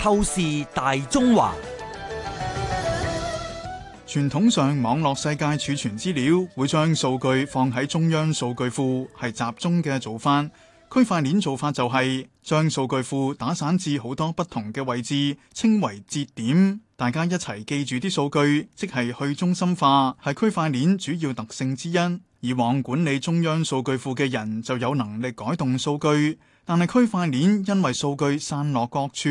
透視大中華，傳統上網絡世界儲存資料會將數據放喺中央數據庫，係集中嘅做法。區塊鏈做法就係將數據庫打散至好多不同嘅位置，稱為節點，大家一齊記住啲數據，即係去中心化，係區塊鏈主要特性之一。以往管理中央數據庫嘅人就有能力改動數據，但係區塊鏈因為數據散落各處。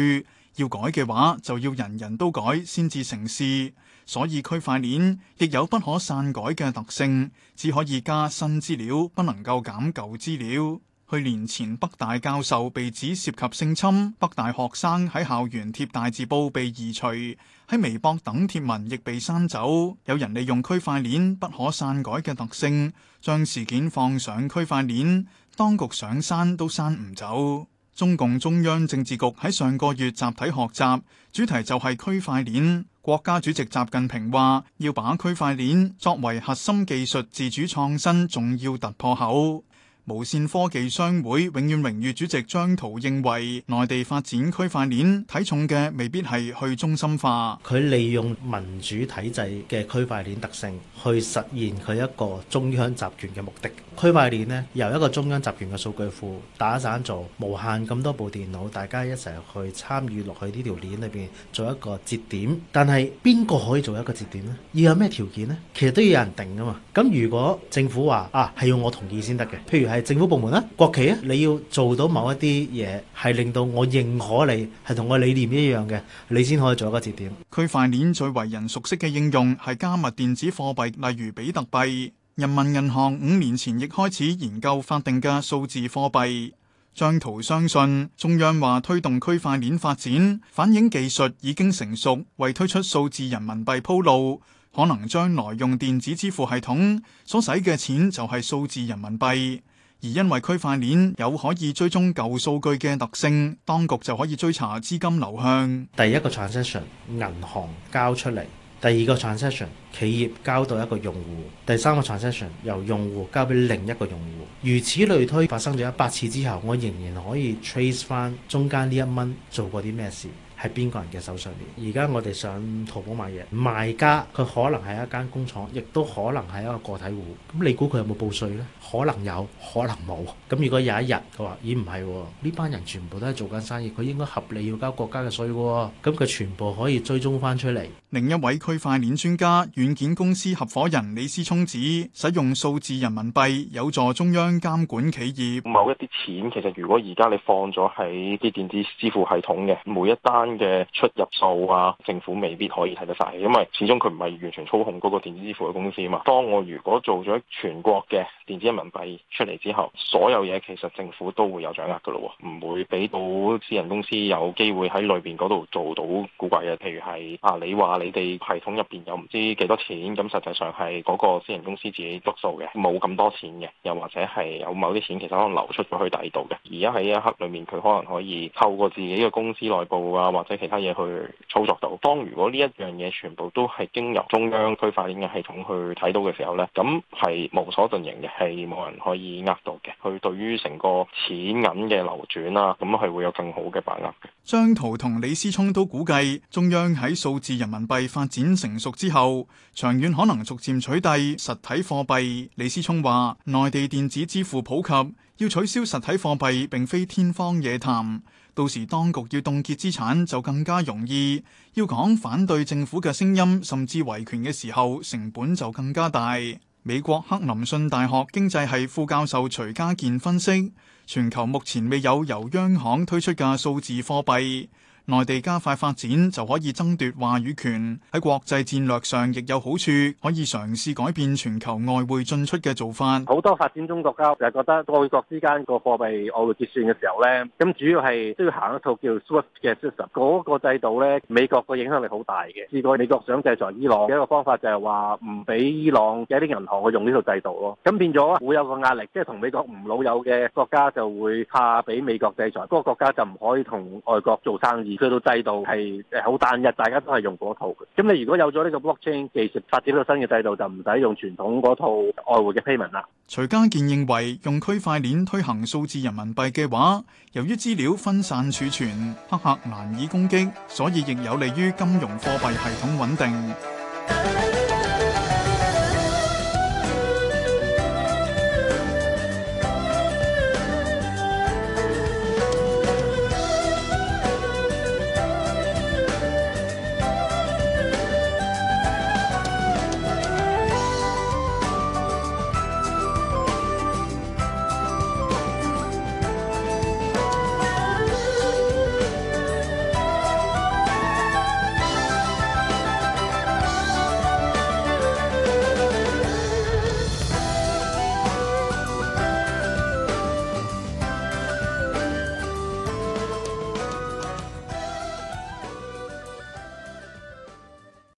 要改嘅話，就要人人都改先至成事。所以區塊鏈亦有不可篡改嘅特性，只可以加新資料，不能夠減舊資料。去年前北大教授被指涉及性侵，北大學生喺校園貼大字報被移除，喺微博等貼文亦被刪走。有人利用區塊鏈不可篡改嘅特性，將事件放上區塊鏈，當局想刪都刪唔走。中共中央政治局喺上個月集體學習，主題就係區塊鏈。國家主席習近平話：要把區塊鏈作為核心技術，自主創新重要突破口。無綫科技商會永遠榮譽主席張濤認為，內地發展區塊鏈睇重嘅未必係去中心化，佢利用民主體制嘅區塊鏈特性去實現佢一個中央集權嘅目的。區塊鏈呢由一個中央集權嘅數據庫打散做無限咁多部電腦，大家一齊去參與落去呢條鏈裏邊做一個節點。但係邊個可以做一個節點呢？要有咩條件呢？其實都要有人定噶嘛。咁如果政府話啊係要我同意先得嘅，譬如喺政府部門啊，國企啊，你要做到某一啲嘢，係令到我認可你，係同我理念一樣嘅，你先可以做一個節點。區塊鏈最為人熟悉嘅應用係加密電子貨幣，例如比特幣。人民銀行五年前亦開始研究法定嘅數字貨幣。張圖相信中央話推動區塊鏈發展，反映技術已經成熟，為推出數字人民幣鋪路，可能將來用電子支付系統所使嘅錢就係數字人民幣。而因為區塊鏈有可以追蹤舊數據嘅特性，當局就可以追查資金流向。第一個 transaction 銀行交出嚟，第二個 transaction 企業交到一個用戶，第三個 transaction 由用戶交俾另一個用戶，如此類推發生咗一百次之後，我仍然可以 trace 翻中間呢一蚊做過啲咩事。喺邊個人嘅手上面？而家我哋上淘寶買嘢，賣家佢可能係一間工廠，亦都可能係一個個體戶。咁你估佢有冇報稅呢？可能有，可能冇。咁如果有一日佢話：咦唔係，呢班人全部都係做緊生意，佢應該合理要交國家嘅稅喎。咁佢全部可以追蹤翻出嚟。另一位區塊鏈專家、軟件公司合伙人李思聰指，使用數字人民幣有助中央監管企業。某一啲錢其實如果而家你放咗喺啲電子支付系統嘅每一單嘅出入數啊，政府未必可以睇得晒，因為始終佢唔係完全操控嗰個電子支付嘅公司啊嘛。當我如果做咗全國嘅電子人民幣出嚟之後，所有嘢，其實政府都會有掌握噶咯，唔會俾到私人公司有機會喺裏邊嗰度做到古怪嘅。譬如係啊，你話你哋系統入邊有唔知幾多錢，咁實際上係嗰個私人公司自己執數嘅，冇咁多錢嘅，又或者係有某啲錢其實可能流出咗去第二度嘅。而家喺一刻裏面，佢可能可以透過自己嘅公司內部啊。或者其他嘢去操作到。當如果呢一樣嘢全部都係經由中央區塊鏈嘅系統去睇到嘅時候咧，咁係無所遁形嘅，係冇人可以呃到嘅。佢對於成個錢銀嘅流轉啦，咁係會有更好嘅把握。張濤同李思聰都估計中央喺數字人民幣發展成熟之後，長遠可能逐漸取締實體貨幣，李思聰話內地電子支付普及，要取消實體貨幣並非天方夜譚。到時當局要凍結資產就更加容易，要講反對政府嘅聲音甚至維權嘅時候，成本就更加大。美國克林信大學經濟系副教授徐家健分析：全球目前未有由央行推出嘅數字貨幣。內地加快發展就可以爭奪話語權，喺國際戰略上亦有好處，可以嘗試改變全球外匯進出嘅做法。好多發展中國家就覺得外國之間個貨幣外匯結算嘅時候咧，咁主要係都要行一套叫 SWIFT 嘅 system。嗰個制度咧，美國個影響力好大嘅。試過美國想制裁伊朗嘅一個方法就係話唔俾伊朗嘅一啲銀行去用呢套制度咯。咁變咗會有個壓力，即係同美國唔老友嘅國家就會怕俾美國制裁，嗰、那個國家就唔可以同外國做生意。制度係好單一，大家都係用嗰套。咁你如果有咗呢個 blockchain 技術發展到新嘅制度，就唔使用傳統嗰套外匯嘅 payment 啦。徐家健認為，用區塊鏈推行數字人民幣嘅話，由於資料分散儲存，黑客難以攻擊，所以亦有利於金融貨幣系統穩定。